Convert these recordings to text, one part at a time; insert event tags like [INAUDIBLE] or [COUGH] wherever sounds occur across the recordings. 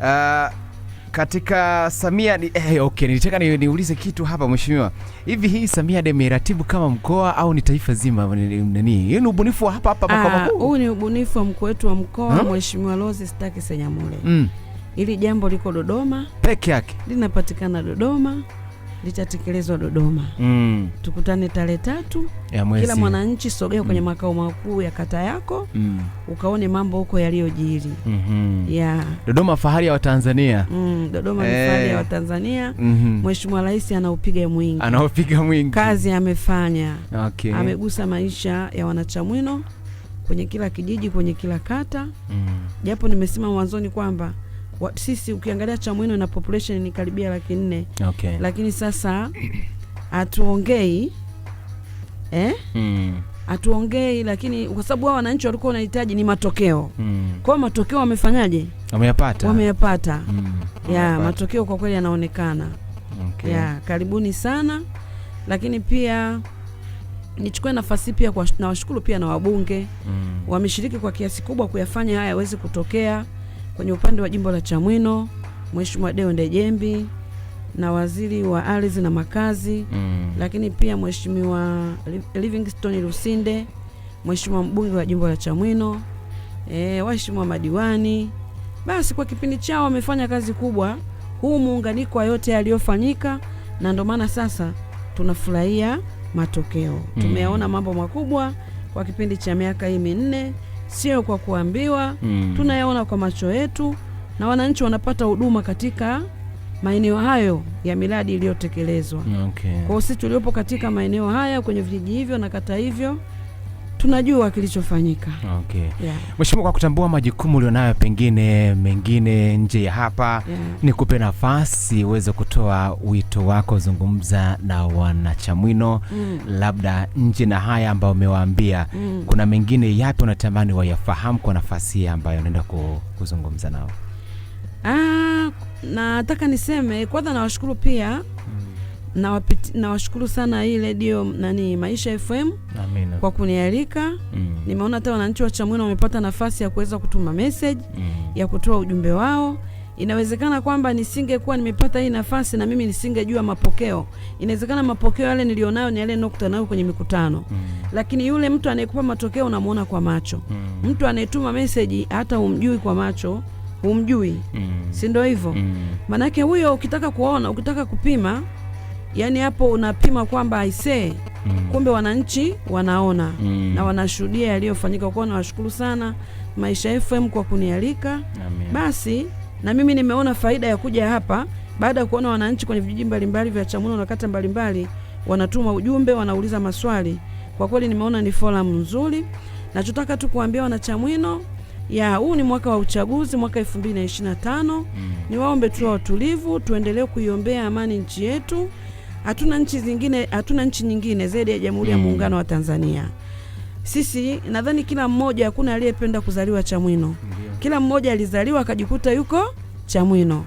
Uh, katika Samia ni, eh, okay, nilitaka ni, niulize kitu hapa mheshimiwa, hivi hii Samia imeratibu kama mkoa au ni taifa zima? Nani hiyo ni ubunifu wa hapa hapa makao ah, makuu? Huu ni ubunifu wa mkuu wetu wa mkoa hmm? Mheshimiwa Rose Staki Senyamule. Mm. Ili jambo liko Dodoma peke yake, linapatikana Dodoma litatekelezwa Dodoma. mm. Tukutane tarehe tatu ya kila mwananchi, sogea kwenye mm. makao makuu ya kata yako mm. ukaone mambo huko yaliyojiri. mm -hmm. yeah. Dodoma fahari ya Watanzania. mm. Dodoma eh. ni fahari ya eh. Watanzania. Mm-hmm. Mheshimiwa mm -hmm. Rais anaupiga mwingi, anaupiga mwingi, kazi amefanya. okay. amegusa maisha ya wanachamwino kwenye kila kijiji, kwenye kila kata. mm. japo nimesema mwanzoni kwamba wa, sisi ukiangalia Chamwino na population ni karibia laki nne okay. Lakini sasa hatuongei eh? mm. Hatuongei, lakini kwa sababu hao wananchi walikuwa wanahitaji ni matokeo mm. Kwao matokeo wamefanyaje? Wameyapata, wameyapata mm. ya matokeo kwa kweli yanaonekana okay. ya karibuni sana, lakini pia nichukue nafasi pia nawashukuru pia na wabunge mm. wameshiriki kwa kiasi kubwa kuyafanya haya yaweze kutokea Kwenye upande wa jimbo la Chamwino, Mheshimiwa Deo Ndejembi na waziri wa ardhi na makazi mm. Lakini pia Mheshimiwa Livingstone Lusinde, Mheshimiwa mbunge wa jimbo la Chamwino e, waheshimiwa madiwani. Basi kwa kipindi chao wamefanya kazi kubwa, huu muunganiko wa yote yaliyofanyika, na ndio maana sasa tunafurahia matokeo. Mm. Tumeyaona mambo makubwa kwa kipindi cha miaka hii minne sio kwa kuambiwa mm. Tunayaona kwa macho yetu na wananchi wanapata huduma katika maeneo hayo ya miradi iliyotekelezwa. Okay. kwao sisi tuliopo katika maeneo haya kwenye vijiji hivyo na kata hivyo tunajua kilichofanyika. Okay. Yeah. Mheshimiwa, kwa kutambua majukumu ulionayo pengine mengine nje ya hapa, yeah. Nikupe nafasi uweze kutoa wito wako, zungumza na wanachamwino mm. Labda nje na haya ambayo umewaambia mm. Kuna mengine yapi unatamani wayafahamu kwa nafasi hii ambayo unaenda kuzungumza nao? Ah, nataka niseme kwanza nawashukuru pia nawashukuru na sana hii redio nani Maisha FM Amina. kwa kunialika mm. Nimeona hata wananchi wa Chamwino wamepata nafasi ya kuweza kutuma message mm. ya kutoa ujumbe wao. Inawezekana kwamba nisingekuwa nimepata hii nafasi na mimi nisingejua mapokeo. Inawezekana mapokeo yale nilionayo ni yale nokta nayo kwenye mikutano mm. lakini yule mtu anayekupa matokeo unamuona kwa macho mm. mtu anayetuma meseji hata umjui kwa macho humjui mm. si ndio hivyo mm. maanake huyo ukitaka kuona ukitaka kupima yani hapo unapima kwamba aisee, mm. kumbe wananchi wanaona mm. na wanashuhudia yaliyofanyika. kwao nawashukuru sana Maisha FM kwa kunialika Amen. Basi na mimi nimeona faida ya kuja hapa baada ya kuona wananchi kwenye vijiji mbalimbali vya chamuno na kata mbalimbali wanatuma ujumbe, wanauliza maswali. Kwa kweli nimeona ni forum nzuri. Nachotaka tu kuambia wanachamwino ya huu ni mwaka wa uchaguzi, mwaka 2025 mm. ni waombe tu watulivu tuendelee kuiombea amani nchi yetu. Hatuna nchi zingine, hatuna nchi nyingine zaidi ya Jamhuri ya mm. Muungano mm. wa Tanzania. Sisi nadhani kila mmoja, hakuna aliyependa kuzaliwa Chamwino. Kila mmoja alizaliwa akajikuta yuko Chamwino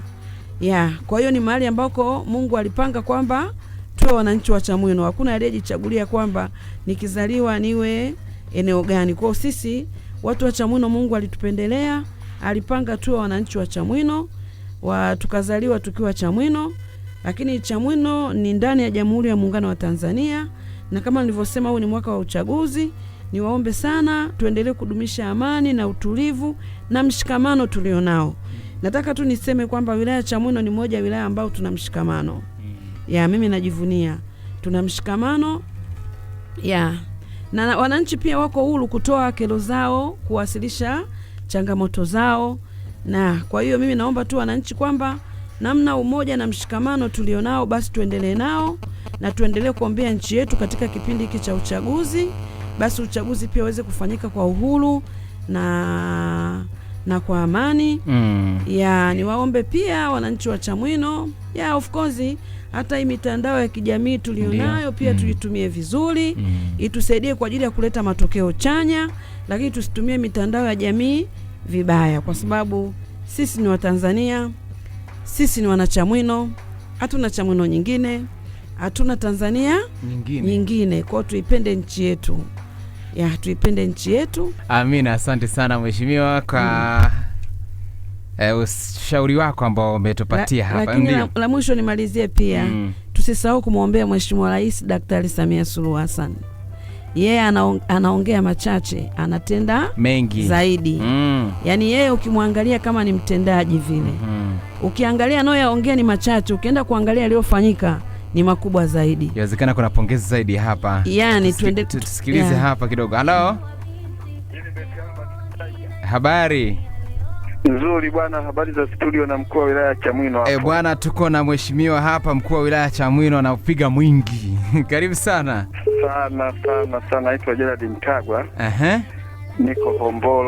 ya yeah. Kwa hiyo ni mahali ambako Mungu alipanga kwamba tuwe wananchi wa Chamwino. Hakuna aliyejichagulia kwamba nikizaliwa niwe eneo gani. Kwa sisi watu wa Chamwino, Mungu alitupendelea, alipanga tuwe wananchi wa Chamwino wa tukazaliwa tukiwa Chamwino. Lakini Chamwino ni ndani ya Jamhuri ya Muungano wa Tanzania, na kama nilivyosema, huu ni mwaka wa uchaguzi. Niwaombe sana tuendelee kudumisha amani na utulivu na mshikamano tulionao. Nataka tu niseme kwamba wilaya ya Chamwino ni moja ya wilaya ambayo tuna mshikamano mm. ya, mimi najivunia tuna mshikamano ya na wananchi pia wako huru kutoa kero zao, kuwasilisha changamoto zao, na kwa hiyo mimi naomba tu wananchi kwamba namna umoja na mshikamano tulionao basi tuendelee nao na tuendelee kuombea nchi yetu katika kipindi hiki cha uchaguzi. Basi uchaguzi pia uweze kufanyika kwa uhuru na na kwa amani mm. ya niwaombe pia wananchi wa Chamwino ya of course hata hii mitandao ya kijamii tulionayo pia mm. tuitumie vizuri mm. itusaidie kwa ajili ya kuleta matokeo chanya, lakini tusitumie mitandao ya jamii vibaya, kwa sababu sisi ni Watanzania. Sisi ni wanachamwino, hatuna chamwino nyingine, hatuna Tanzania nyingine, nyingine. Kwao tuipende nchi yetu ya tuipende nchi yetu. Amina, asante sana mheshimiwa kwa mm. eh, ushauri wako ambao umetupatia hapa. Lakini la, la mwisho nimalizie pia mm. tusisahau kumwombea mheshimiwa Rais Daktari Samia Suluhu Hassan yeye yeah, anaongea anaongea machache anatenda mengi zaidi mm. Yaani yeye ukimwangalia kama ni mtendaji vile mm -hmm. Ukiangalia anayoyaongea ni machache, ukienda kuangalia yaliyofanyika ni makubwa zaidi. Inawezekana kuna pongezi zaidi hapa, yani tusikilize yeah. Hapa kidogo. Halo, habari Nzuri bwana, habari za studio na mkuu wa wilaya ya Chamwino hapo. Eh, bwana tuko na mheshimiwa hapa mkuu wa wilaya ya Chamwino anaupiga mwingi. [LAUGHS] Karibu sana. Sana sana sana, naitwa Gerald Mtagwa. Ehe. Uh -huh. Niko Hombolo.